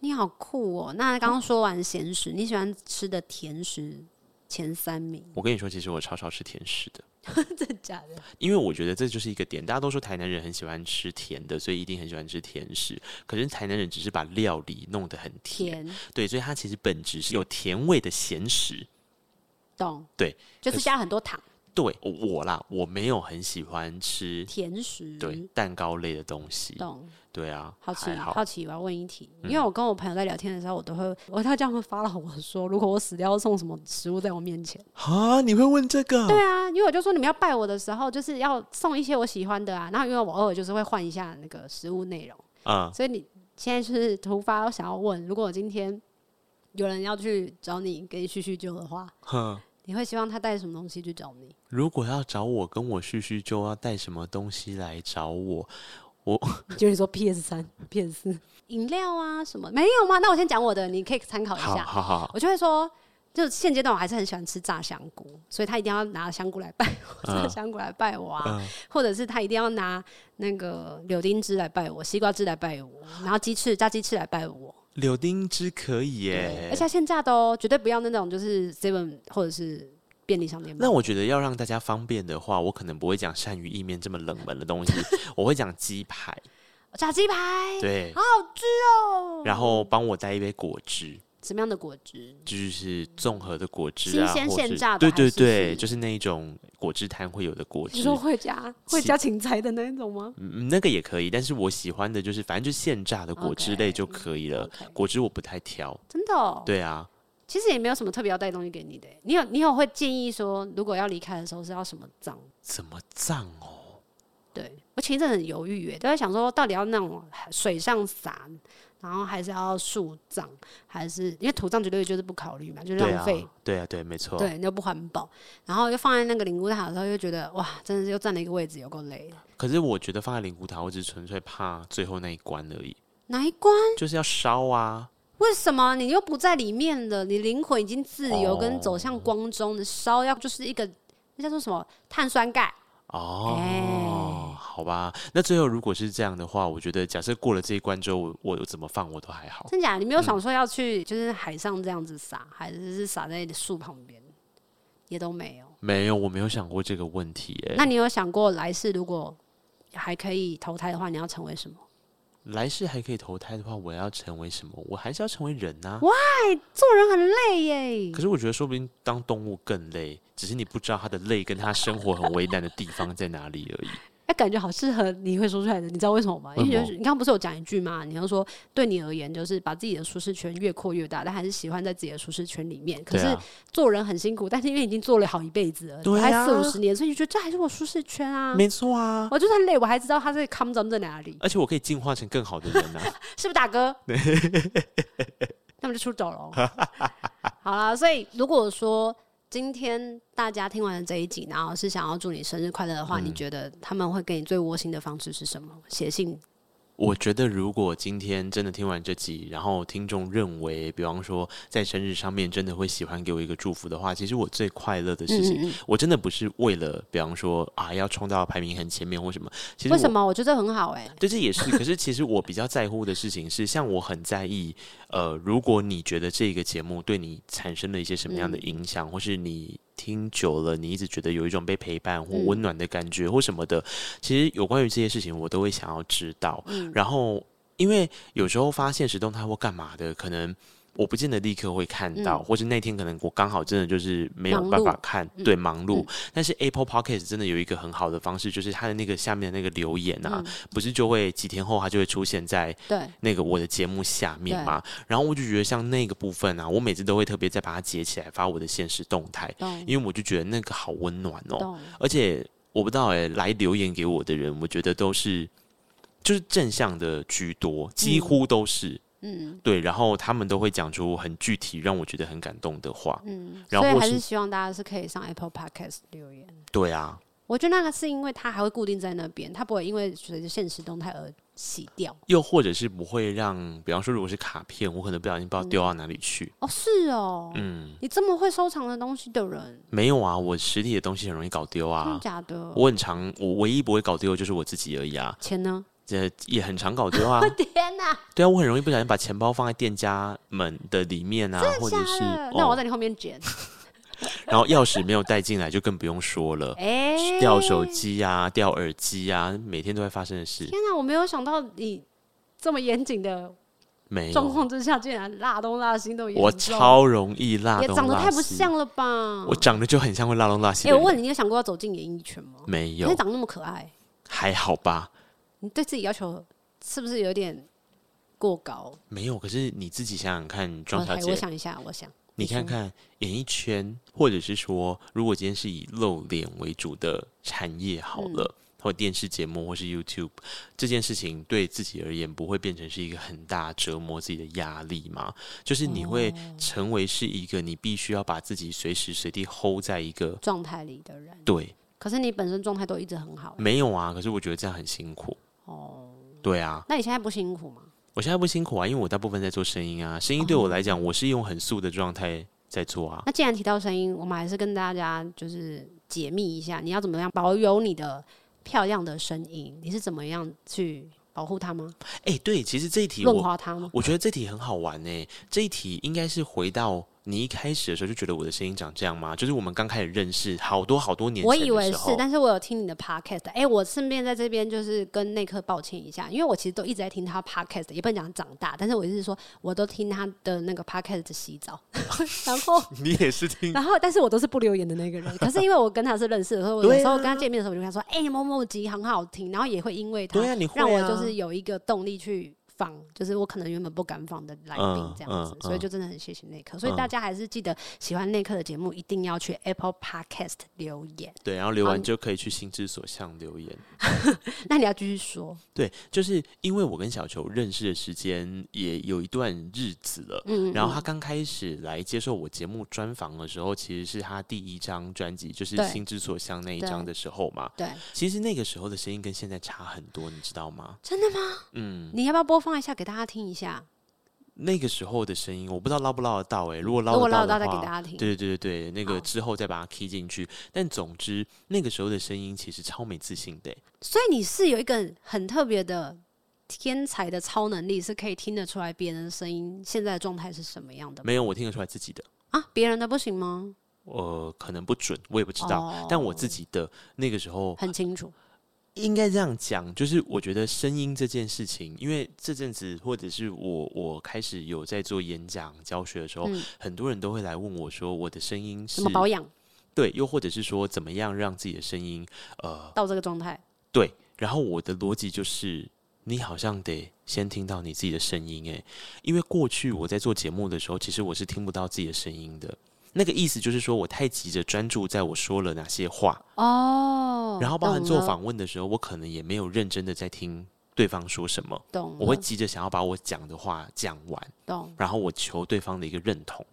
你好酷哦！那剛剛說完鹹食、嗯，你喜歡吃的甜食前三名？我跟你說，其實我超超吃甜食的， 真的假的？因為我覺得這就是一個點，大家都說台南人很喜歡吃甜的，所以一定很喜歡吃甜食。可是台南人只是把料理弄得很甜，甜對，所以它其實本質是有甜味的鹹食。懂，對，就是，是加很多糖。對我啦，我沒有很喜歡吃甜食，對蛋糕類的東西。懂。對啊，好奇好，好奇，我要問一題。因為我跟我朋友在聊天的時候，嗯、我都會我他這樣會發了我說，如果我死掉，要送什麼食物在我面前？啊，你會問這個？對啊，因為我就說你們要拜我的時候，就是要送一些我喜歡的啊。然後因為我偶爾就是會換一下那個食物內容啊、嗯，所以你現在就是突發想要問，如果我今天有人要去找你給你敘敘舊的話，你會希望他帶什麼東西去找你？如果要找我，跟我敘敘，就要帶什麼東西來找我？我 就說 P S 三，P S 四飲料啊什麼沒有嗎？那我先講我的，你可以參考一下。好好,好我就會說，就現階段我還是很喜歡吃炸香菇，所以他一定要拿香菇來拜我，嗯、炸香菇來拜我啊、嗯，或者是他一定要拿那個柳丁汁來拜我，西瓜汁來拜我，然後雞翅炸雞翅來拜我。柳丁汁可以耶，而且現榨的哦，絕對不要那種就是 seven 或者是便利商店。那我覺得要讓大家方便的話，我可能不會講鱔魚意麵這麼冷門的東西， 我會講雞排，炸雞排，對，好好吃哦。然後幫我帶一杯果汁。什麼樣的果汁？就是綜合的果汁，啊嗯，新鮮現榨的。對對對是是，就是那一種果汁攤會有的果汁。你說會加會加芹菜的那一種嗎？嗯，那個也可以。但是我喜歡的就是，反正就是現榨的果汁類就可以了。Okay, okay. 果汁我不太挑。真的哦？對啊。其實也沒有什麼特別要帶東西給你的。你有你有會建議說，如果要離開的時候，是要什麼葬什麼葬哦？對，我其實很猶豫，哎，都在想說到底要那種水上傘。然後還是要樹葬，還是因為土葬絕對就是不考慮嘛，就是、浪費，對啊，對沒、啊、錯，對，對你又不環保。然後又放在那個靈骨塔的時候，又覺得哇，真的是又佔了一個位置，有夠累。可是我覺得放在靈骨塔，我只是純粹怕最後那一關而已。哪一關？就是要燒啊！為什麼你又不在裡面了？你靈魂已經自由，跟走向光中的燒，哦、要就是一個那叫做什麼碳酸鈣。哦，欸、哦，好吧，那最後如果是這樣的話，我覺得假設過了這一關之後，我我怎麼放我都還好。真假的？你沒有想說要去就是海上這樣子撒，嗯，還是是撒在樹旁邊，也都沒有。沒有，我沒有想過這個問題，欸。那你有想過來世如果還可以投胎的話，你要成為什麼？來世還可以投胎的話，我要成為什麼？我還是要成為人吶！哇，做人很累耶。可是我覺得，說不定當動物更累，只是你不知道他的累跟他生活很為難的地方在哪裡而已。感覺好適合你會說出來的，你知道為什麼嗎？為什麼？因為、就是、你剛剛，不是有講一句嗎？你要說對你而言，就是把自己的舒適圈越擴越大，但還是喜歡在自己的舒適圈裡面。可是做人很辛苦，但是因為已經做了好一輩子了，對啊，還四五十年，所以你覺得這還是我舒適圈啊？沒錯啊，我就算累，我還知道他是 come from 在哪裡。而且我可以進化成更好的人啊！ 是不是大哥？ 那我們就出走嘍。 好了，所以如果說。今天大家聽完這一集，然後是想要祝你生日快樂的話，你覺得他們會給你最窩心的方式是什麼？寫信。我覺得，如果今天真的聽完這集，然後聽眾認為，比方說在生日上面真的會喜歡給我一個祝福的話，其實我最快樂的事情、嗯，我真的不是為了，比方說啊，要衝到排名很前面或什麼。其實為什麼我覺得很好哎、欸？這、就是、也是，可是其實我比較在乎的事情是， 像我很在意，呃，如果你覺得這個節目對你產生了一些什麼樣的影響、嗯，或是你。聽久了，你一直覺得有一種被陪伴或溫暖的感覺，或什麼的，嗯。其實有關於這些事情，我都會想要知道，嗯。然後，因為有時候發現實動態或幹嘛的，可能。我不見得立刻會看到，嗯、或是那天可能我剛好真的就是沒有辦法看，對，忙碌。嗯嗯、但是 Apple Podcast 真的有一個很好的方式，就是它的那個下面的那個留言啊，嗯、不是就會幾天後它就會出現在對那個我的節目下面嗎？然後我就覺得像那個部分啊，我每次都會特別再把它截起來發我的限時動態，因為我就覺得那個好溫暖哦。而且我不知道哎、欸，來留言給我的人，我覺得都是就是正向的居多，幾乎都是。嗯嗯，對，然後他們都會講出很具體，讓我覺得很感動的話。嗯，然後，所以還是希望大家是可以上 Apple Podcast 留言。對啊，我覺得那個是因為它還會固定在那邊，它不會因為隨着現實動態而洗掉。又或者是不會讓，比方說，如果是卡片，我可能不小心不知道丟到哪裡去、嗯。哦，是哦，嗯，你這麼會收藏的東西的人，沒有啊，我實體的東西很容易搞丟啊，真假的？我很常，我唯一不會搞丟的就是我自己而已啊。錢呢？呃，也很常搞對 啊！天哪！對啊，我很容易不小心把錢包放在店家門的裡面啊，或者是……那我要在你後面撿。哦， 然後鑰匙沒有帶進來，就更不用說了。哎，欸，掉手機啊，掉耳機啊，每天都會發生的事。天哪，啊，我沒有想到你這麼嚴謹的狀況之下，竟然落東落西都嚴重。我超容易落東落西，也長得太不像了吧？我長得就很像會落東落西。哎，欸，我問你，你有想過要走進演藝圈嗎？沒有。你長那麼可愛，還好吧？你對自己要求是不是有點過高？沒有，可是你自己想想看，狀態。哦、我想一下，我想，你看看演藝圈、嗯，或者是說，如果今天是以露臉為主的產業好了，嗯、或電視節目，或是 YouTube 這件事情，對自己而言不會變成是一個很大折磨自己的壓力嗎？就是你會成為是一個你必須要把自己隨時隨地 hold 在一個狀態裡的人。對。可是你本身狀態都一直很好。沒有啊，可是我覺得這樣很辛苦。哦、oh，對啊，那你現在不辛苦嗎？我現在不辛苦啊，因為我大部分在做聲音啊，聲音對我來講，oh. 我是用很素的狀態在做啊。那既然提到聲音，我們還是跟大家就是解密一下，你要怎麼樣保有你的漂亮的聲音？你是怎麼樣去保護它嗎？哎、欸，對，其實這一題我，我覺得這題很好玩呢，、欸。這一題應該是回到。你一開始的時候就覺得我的聲音長這樣嗎？就是我們剛開始認識好多好多年前的時候，我以為是，但是我有聽你的 podcast 的。哎、欸，我順便在這邊就是跟內克抱歉一下，因為我其實都一直在聽他 podcast，也不能講長大，但是我一直說我都聽他的那個 podcast 洗澡。 然後你也是聽，然後但是我都是不留言的那個人。可是因為我跟他是認識的時候，所以我有時候跟他見面的時候，我就跟他說哎、欸，某某集很好聽，然後也會因為他對、啊、你會、啊、讓我就是有一個動力去。就是我可能原本不敢訪的來賓這樣子，uh, uh, uh, 所以就真的很謝謝內克。Uh, 所以大家還是記得喜歡內克的節目，一定要去 Apple Podcast 留言。對，然後留完就可以去心之所向留言。 那你要繼續說？對，就是因為我跟小球認識的時間也有一段日子了，嗯，然後他剛開始來接受我節目專訪的時候，其實是他第一張專輯，就是《心之所向》那一張的時候嘛對。對，其實那個時候的聲音跟現在差很多，你知道嗎？真的嗎？嗯，你要不要播放？放一下給大家聽一下，那個時候的聲音，我不知道撈不撈得到哎、欸。如果撈得到的話，再給大家聽。對對對對，那個之後再把它 key 進去、哦。但總之，那個時候的聲音其實超沒自信的、欸。所以你是有一個很特別的天才的超能力，是可以聽得出來別人的聲音現在的狀態是什麼樣的？沒有，我聽得出來自己的啊。別人的不行嗎？呃，可能不準，我也不知道。哦、但我自己的那個時候很清楚。應該這樣講，就是我覺得聲音這件事情，因為這陣子或者是我我開始有在做演講教學的時候，嗯，很多人都會來問我，說我的聲音是怎麼保養？對，又或者是說怎麼樣讓自己的聲音呃到這個狀態？對，然後我的邏輯就是，你好像得先聽到你自己的聲音，誒，因為過去我在做節目的時候，其實我是聽不到自己的聲音的。那個意思就是說，我太急着專注在我說了哪些話哦，然後包含做訪問的時候，我可能也沒有認真的在聽對方說什麼，懂？我會急着想要把我講的話講完，懂？然後我求對方的一個認同。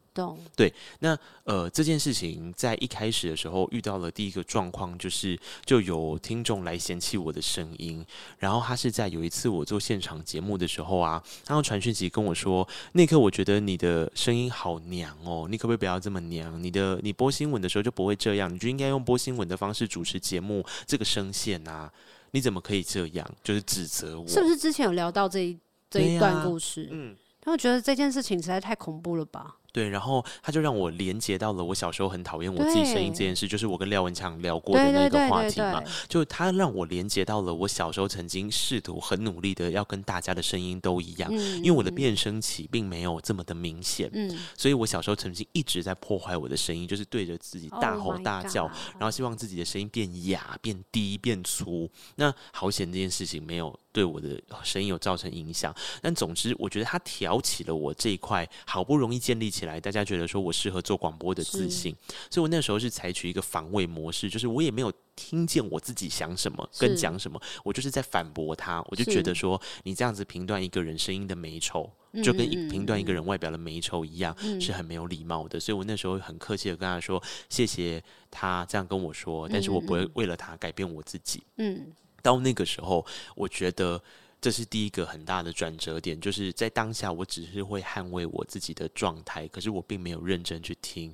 對，那呃，這件事情在一開始的時候遇到了第一個狀況，就是就有聽眾來嫌棄我的聲音。然後他是在有一次我做現場節目的時候啊，然後傳訊息跟我說，那刻我覺得你的聲音好娘哦，你可不可以不要這麼娘？你的你播新聞的時候就不會這樣，你就應該用播新聞的方式主持節目，這個聲線啊，你怎麼可以這樣？就是指責我，是不是之前有聊到這一這一段故事？啊、嗯，他會覺得這件事情實在太恐怖了吧？對，然後他就讓我連接到了我小時候很討厭我自己聲音這件事，就是我跟廖文強聊過的那個話題嘛，對對對對對對。就他讓我連接到了我小時候曾經試圖很努力的要跟大家的聲音都一樣，嗯、因為我的變聲期並沒有這麼的明顯、嗯，所以我小時候曾經一直在破壞我的聲音，就是對着自己大吼大叫，Oh my God, 然後希望自己的聲音變啞、變低、變粗。那好險，這件事情沒有對我的聲音有造成影響。但總之，我覺得他挑起了我這一塊好不容易建立。起來，大家覺得說我適合做廣播的自信，所以我那時候是採取一個防衛模式，就是我也沒有聽見我自己想什麼跟講什麼，我就是在反駁他，我就覺得說你這樣子評斷一個人聲音的美醜，就跟評斷一個人外表的美醜一樣，嗯嗯嗯，是很沒有禮貌的，所以我那時候很客氣的跟他說，謝謝他這樣跟我說，但是我不會為了他改變我自己。嗯，嗯，到那個時候，我覺得。這是第一個很大的轉折點，就是在當下，我只是會捍衛我自己的狀態，可是我並沒有認真去聽，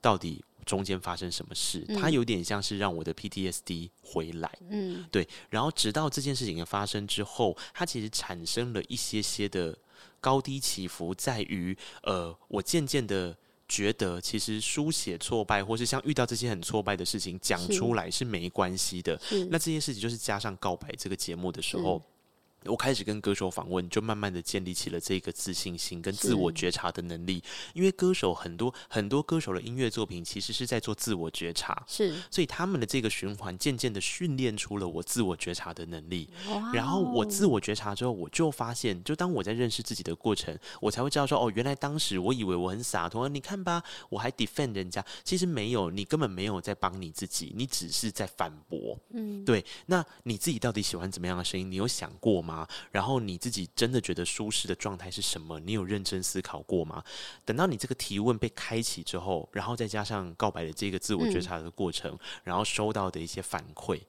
到底中間發生什麼事？嗯。它有點像是讓我的 PTSD 回來，嗯，對。然後直到這件事情的發生之後，它其實產生了一些些的高低起伏在，在於呃，我漸漸的覺得，其實書寫挫敗，或是像遇到這些很挫敗的事情講出來是沒關係的。那這件事情就是加上告白這個節目的時候。嗯我開始跟歌手訪問，就慢慢的建立起了這個自信心跟自我覺察的能力。因為歌手很多很多歌手的音樂作品其實是在做自我覺察，是，所以他們的這個循環漸漸的訓練出了我自我覺察的能力。Wow。然後我自我覺察之後，我就發現，就當我在認識自己的過程，我才會知道說，哦，原來當時我以為我很灑脫，你看吧，我還 defend 人家，其實沒有，你根本沒有在幫你自己，你只是在反駁。嗯，對。那你自己到底喜歡怎麼樣的聲音？你有想過嗎？啊，然後你自己真的覺得舒適的狀態是什麼？你有認真思考過嗎？等到你這個提問被開啟之後，然後再加上告白的這個自我覺察的過程、嗯，然後收到的一些反饋，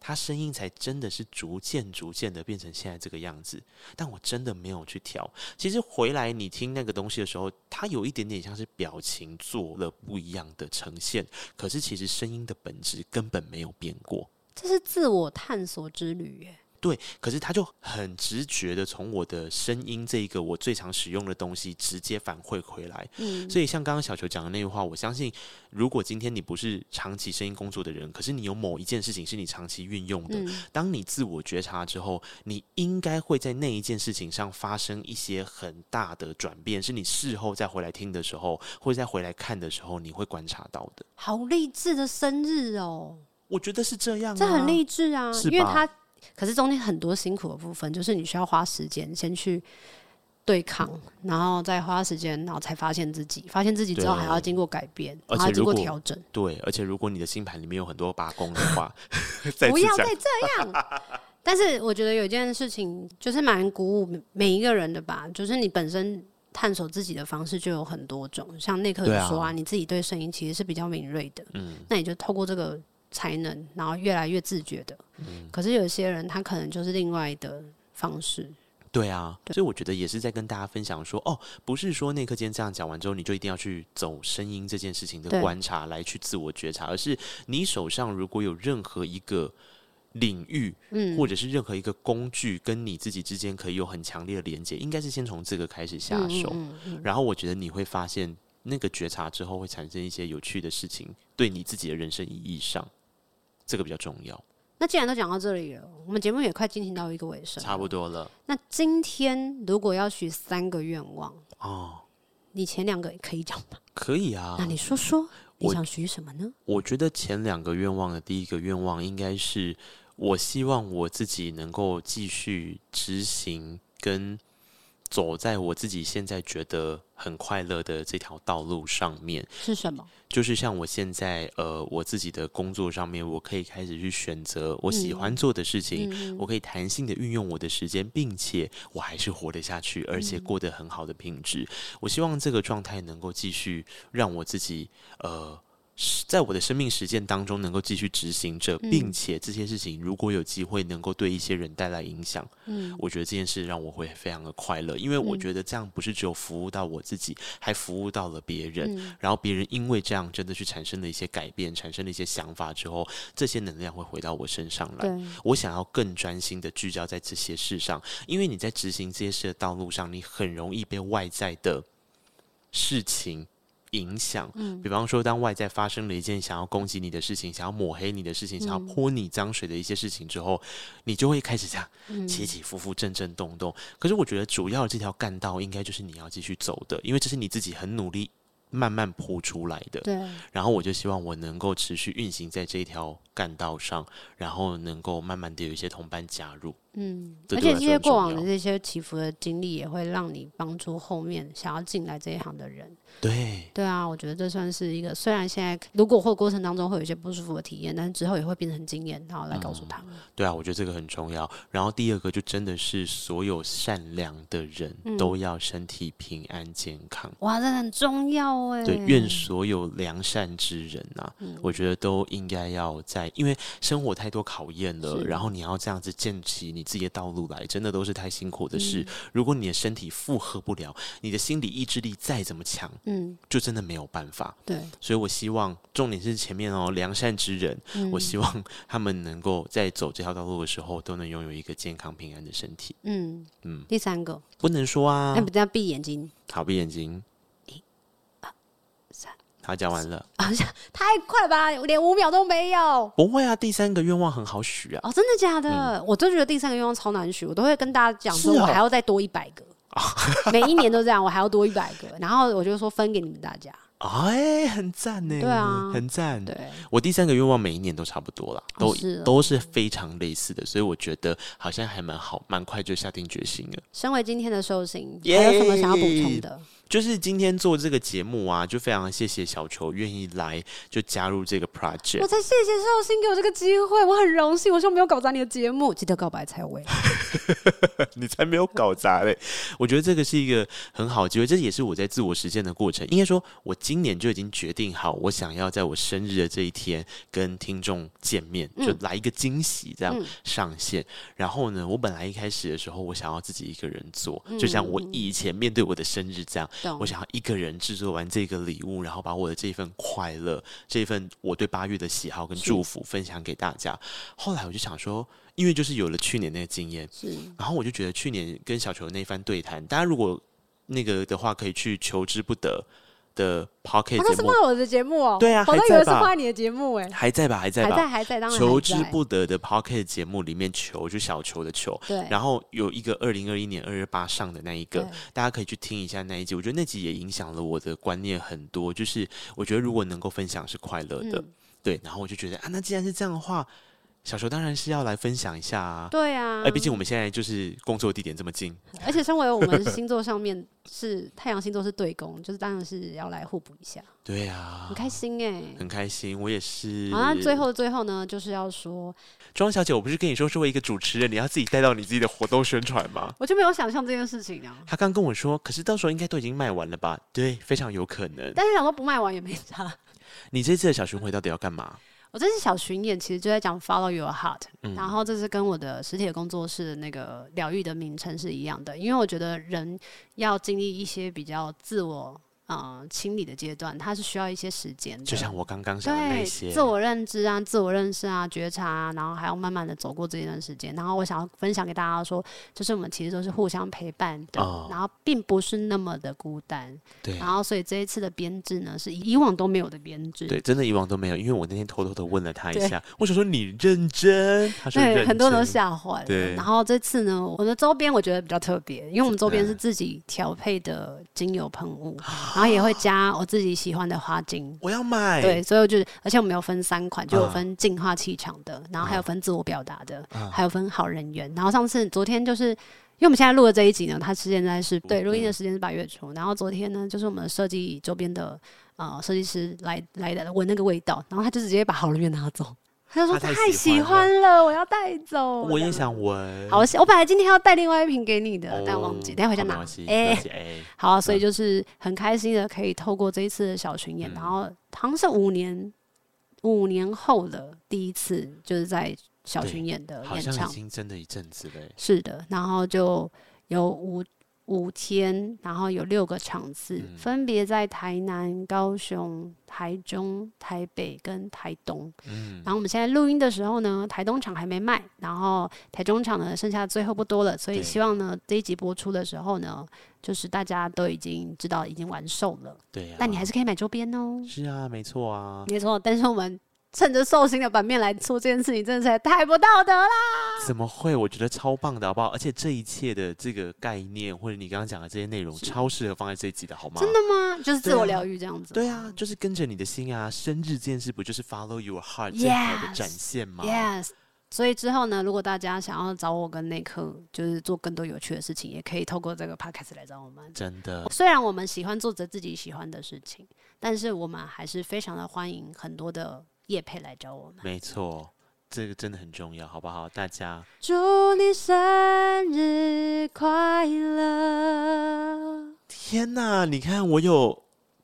他聲音才真的是逐漸、逐漸的變成現在這個樣子。但我真的沒有去調。其實回來你聽那個東西的時候，它有一點點像是表情做了不一樣的呈現，可是其實聲音的本質根本沒有變過。這是自我探索之旅耶。對，可是他就很直覺的從我的聲音這一個我最常使用的東西直接反饋回來。嗯，所以像剛剛小球講的那句話，我相信如果今天你不是長期聲音工作的人，可是你有某一件事情是你長期運用的，嗯，當你自我覺察之後，你應該會在那一件事情上發生一些很大的轉變，是你事後再回來聽的時候，或者再回來看的時候，你會觀察到的。好勵志的生日哦！我覺得是這樣啊，這很勵志啊，是吧？因為他可是中間很多辛苦的部分，就是你需要花時間先去對抗、嗯，然後再花時間，然後才發現自己，發現自己之後還要經過改變，啊、還要經過調整。對，而且如果你的星盤裡面有很多八宮的話， 不要再這樣。 但是我覺得有一件事情就是蠻鼓舞每一個人的吧，就是你本身探索自己的方式就有很多種，像內克你說啊，你自己對聲音其實是比較敏銳的、嗯，那你就透過這個。才能，然後越來越自覺的、嗯。可是有些人他可能就是另外的方式。對啊對，所以我覺得也是在跟大家分享說，哦，不是說那一刻這樣講完之後，你就一定要去走聲音這件事情的觀察，來去自我覺察，而是你手上如果有任何一個領域、嗯，或者是任何一個工具，跟你自己之間可以有很強烈的連接，應該是先從這個開始下手。嗯嗯嗯、然後我覺得你會發現，那個覺察之後會產生一些有趣的事情，對你自己的人生意義上。這個比較重要。那既然都講到這裡了，我們節目也快進行到一個尾聲，差不多了。那今天如果要許三個願望哦，你前兩個可以講嗎？可以啊。那你說說，你想許什麼呢？我覺得前兩個願望的第一個願望應該是，我希望我自己能夠繼續執行跟。走在我自己現在覺得很快樂的這條道路上面是什麼？就是像我現在呃，我自己的工作上面，我可以開始去選擇我喜歡做的事情，嗯，我可以彈性的運用我的時間，並且我還是活得下去，而且過得很好的品質。嗯，我希望這個狀態能夠繼續讓我自己呃。在我的生命實踐當中，能夠繼續執行着、嗯，並且這些事情如果有機會能夠對一些人帶來影響，嗯，我覺得這件事讓我會非常的快樂，因為我覺得這樣不是只有服務到我自己，還服務到了別人，嗯，然後別人因為這樣真的去產生了一些改變，產生了一些想法之後，這些能量會回到我身上來。我想要更專心的聚焦在這些事上，因為你在執行這些事的道路上，你很容易被外在的事情影響，比方說，當外在發生了一件想要攻擊你的事情、嗯，想要抹黑你的事情，嗯、想要潑你髒水的一些事情之後，你就會開始這樣起起伏伏、震、嗯、震動動。可是，我覺得主要的這條幹道應該就是你要繼續走的，因為這是你自己很努力、慢慢鋪出來的。對。然後，我就希望我能夠持續運行在這一條幹道上，然後能夠慢慢的有一些同伴加入。嗯，而且這些過往的這些起伏的經歷，也會讓你幫助後面想要進來這一行的人。對，對啊，我覺得這算是一個。雖然現在如果或過程當中會有一些不舒服的體驗，但是之後也會變成經驗，然後來告訴他們、嗯。對啊，我覺得這個很重要。然後第二個就真的是所有善良的人都要身體平安健康。嗯、哇，這很重要哎。對，願所有良善之人吶、啊、嗯，我覺得都應該要在，因為生活太多考驗了，然後你要這樣子建起你自己的道路來，真的都是太辛苦的事。嗯、如果你的身體負荷不了，你的心理意志力再怎麼強。嗯，就真的沒有辦法。對，所以我希望，重點是前面哦、喔，良善之人、嗯，我希望他們能夠在走這條道路的時候，都能擁有一個健康平安的身體。嗯嗯，第三個不能說啊，那不要閉眼睛，好，閉眼睛。一二三，好，講完了、啊、太快了吧，連五秒都沒有。不會啊，第三個願望很好許啊。哦，真的假的？嗯、我都覺得第三個願望超難許，我都會跟大家講說、啊、我還要再多一百個。 每一年都這樣，我還要多一百個，然後我就說分給你們大家。哎、哦欸，很贊呢、欸，對啊，很贊。對，我第三個願望每一年都差不多啦不了，都都是非常類似的，所以我覺得好像還蠻好，蠻快就下定決心了。身為今天的壽星，yeah! 還有什麼想要補充的？Yeah! 就是今天做這個節目啊，就非常謝謝小球願意來就加入這個 project。我才謝謝壽星給我這個機會，我很榮幸，我希望沒有搞砸你的節目，記得告白才會。 你才沒有搞砸嘞，欸！我覺得這個是一個很好的機會，這也是我在自我實踐的過程。應該說，我今年就已經決定好，我想要在我生日的這一天跟聽眾見面，就來一個驚喜這樣上線。嗯嗯。然後呢，我本來一開始的時候，我想要自己一個人做，就像我以前面對我的生日這樣。我想要一個人製作完這個禮物，然後把我的這份快樂、這份我對八月的喜好跟祝福分享給大家。後來我就想說，因為就是有了去年那個經驗，是，然後我就覺得去年跟小球的那番對談，大家如果那個的話，可以去求之不得、的 Podcast 他、啊、是罵我的節目哦？對啊，還以為是罵你的節目哎，還在吧？還在吧？還在還在，當球之不得的 Podcast 節目裡面，球就小球的球，對，然後有一個二零二一年二月八上的那一個，大家可以去聽一下那一集，我覺得那集也影響了我的觀念很多，就是我覺得如果能夠分享是快樂的、嗯，對，然後我就覺得啊，那既然是這樣的話。小熊當然是要來分享一下啊，對啊，哎、欸，畢竟我們現在就是工作地點這麼近，而且身為我們星座上面是 太陽星座是對攻，就是當然是要來互補一下，對啊，很開心哎、欸，很開心，我也是。好啊，最後最後呢，就是要說，莊小姐，我不是跟你說，作為一個主持人，你要自己帶到你自己的活動宣傳嗎？我就沒有想象這件事情啊。他剛跟我說，可是到時候應該都已經賣完了吧？對，非常有可能。但是想說不賣完也沒啥。你這次的小巡迴到底要幹嘛？我這次小巡演，其實就在講 Follow Your Heart，嗯，然後這是跟我的實體工作室那個療癒的名稱是一樣的，因為我覺得人要經歷一些比較自我。嗯，清理的階段，它是需要一些時間的。就像我剛剛說的那些。對，自我認知啊，自我認識啊，覺察啊，然後還要慢慢的走過這一段時間。然後我想要分享給大家說，就是我們其實都是互相陪伴的，哦，然後並不是那麼的孤單。對。然後，所以這一次的編制呢，是以往都沒有的編制。對，真的以往都沒有，因為我那天偷偷的問了他一下，我想說你認真，他說認真，對，很多人都嚇壞了。對。對。然後這次呢，我的周邊我覺得比較特別，因為我們周邊是自己調配的精油噴霧。然、啊、後也會加我自己喜歡的花精，我要買。對，所以我就是，而且我們有分三款，就有分淨化氣場的、啊，然後還有分自我表達的、啊，還有分好人緣。然後上次昨天就是因為我們現在錄的這一集呢，它是現在是對錄音的時間是八月初，okay. 然後昨天呢就是我們的設計周邊的啊設計師來來的聞那個味道，然後他就直接把好人緣拿走。他說太喜歡了，歡了，我要帶走。我也想聞。好，我我本來今天要帶另外一瓶給你的，但忘記。哦、等一下回家拿。哎、欸欸，好、嗯，所以就是很開心的，可以透過這一次的小巡演，嗯、然後好像是五年五年後的第一次，就是在小巡演的演唱，好像已經真的一陣子了、欸、是的，然後就有五。五天，然後有六個場次，分別在台南、高雄、台中、台北跟台東。嗯，然後我們現在錄音的時候呢，台東場還沒賣，然後台中場呢剩下最後不多了，所以希望呢這一集播出的時候呢，就是大家都已經知道已經完售了。對啊，那你還是可以買周邊哦。是啊，沒錯啊。沒錯，但是我們。趁着壽星的版面來出這件事情，你真的是太不道德啦！怎麼會？我覺得超棒的，好不好？而且這一切的這個概念，或者你剛剛講的這些內容，超適合放在這一集的好嗎？真的嗎？就是自我療癒這樣子，對啊，對啊，就是跟着你的心啊！生日這件事不就是 Follow Your Heart 這樣的展現嗎？Yes, yes. 所以之後呢，如果大家想要找我跟內克，就是做更多有趣的事情，也可以透過這個 Podcast 來找我們。真的。雖然我們喜歡做着自己喜歡的事情，但是我們還是非常的歡迎很多的。也配來找我？沒錯，這個真的很重要，好不好？大家祝你生日快樂！天哪，你看我有。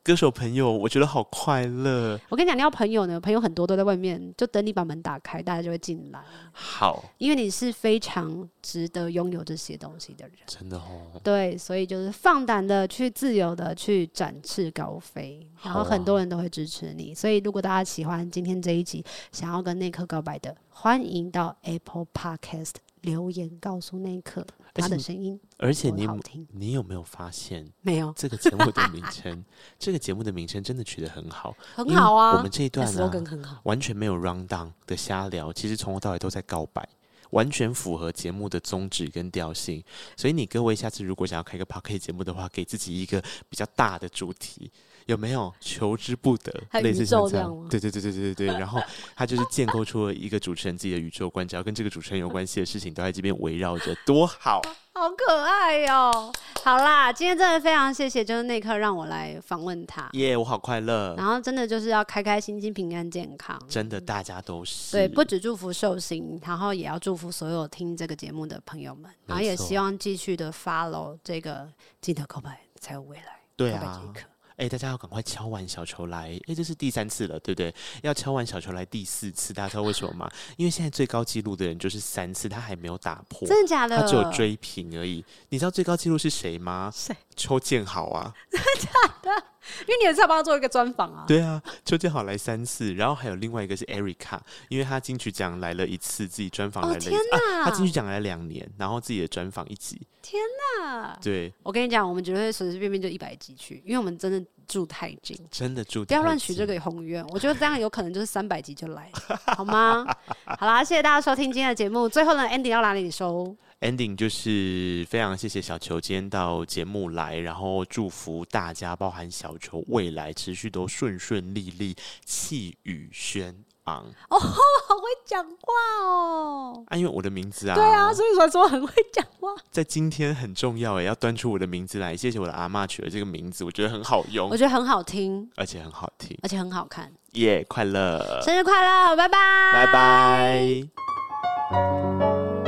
歌手朋友，我覺得好快樂。我跟你講，你要朋友呢，朋友很多都在外面，就等你把門打開，大家就會進來。好，因為你是非常值得擁有這些東西的人，真的哦。對，所以就是放膽的去自由的去展翅高飛，然後很多人都會支持你。好啊，所以，如果大家喜歡今天這一集，想要跟內克告白的，歡迎到 Apple Podcast。留言告訴那一刻他的聲音，而且你聽你有沒有發現沒有這個節目的名稱？ 這個節目的名稱真的取得很好，很好啊！我們這一段呢、啊欸，完全沒有 run down 的瞎聊，其實從頭到尾都在告白，完全符合節目的宗旨跟調性。所以你各位下次如果想要開個 podcast 節目的話，給自己一個比較大的主題。有沒有求之不得，類似像這樣？對對對，對對對對對對，然後他就是建構出了一個主持人自己的宇宙觀，只要跟這個主持人有關係的事情，都在這邊圍繞着，多好，好，好可愛喲、喔。好啦，今天真的非常謝謝，就是那一刻讓我來訪問他。耶、yeah，我好快樂。然後真的就是要開開心心、平安健康。真的，大家都是對，不止祝福壽星，然後也要祝福所有聽這個節目的朋友們，然後也希望繼續的 follow 這個記得，告白才有未來。對啊，哎、欸，大家要趕快敲完小球來！哎、欸，這是第三次了，對不對？要敲完小球來第四次， 大家知道為什麼嗎？因為現在最高紀錄的人就是三次，他還沒有打破，真的假的？他只有追平而已。你知道最高紀錄是誰嗎？誰？邱建好啊！真的假的。 因為你也是要幫他做一個專訪啊！對啊，就最好來三次，然後還有另外一個是 Erica，因為他金曲獎來了一次自己專訪，了、哦、天哪！他金曲獎來了兩年，然後自己的專訪一集，天哪！對，我跟你講，我們絕對隨隨便便就一百集去，因為我們真的住太近，真的住太近。不要亂許這個宏願， 我覺得這樣有可能就是三百集就來，好嗎？ 好啦，謝謝大家收聽今天的節目。最後呢，Andy 要拉你收。Ending 就是非常謝謝小球今天到節目來，然後祝福大家，包含小球未來持續都順順利利、氣宇軒昂哦，嗯 oh, 好會講話哦！啊，因為我的名字啊，對啊，所以說說很會講話，在今天很重要誒，要端出我的名字來，謝謝我的阿嬤取了這個名字，我覺得很好用，我覺得很好聽，而且很好聽，而且很好看，耶、yeah！快樂，生日快樂，拜拜，拜拜。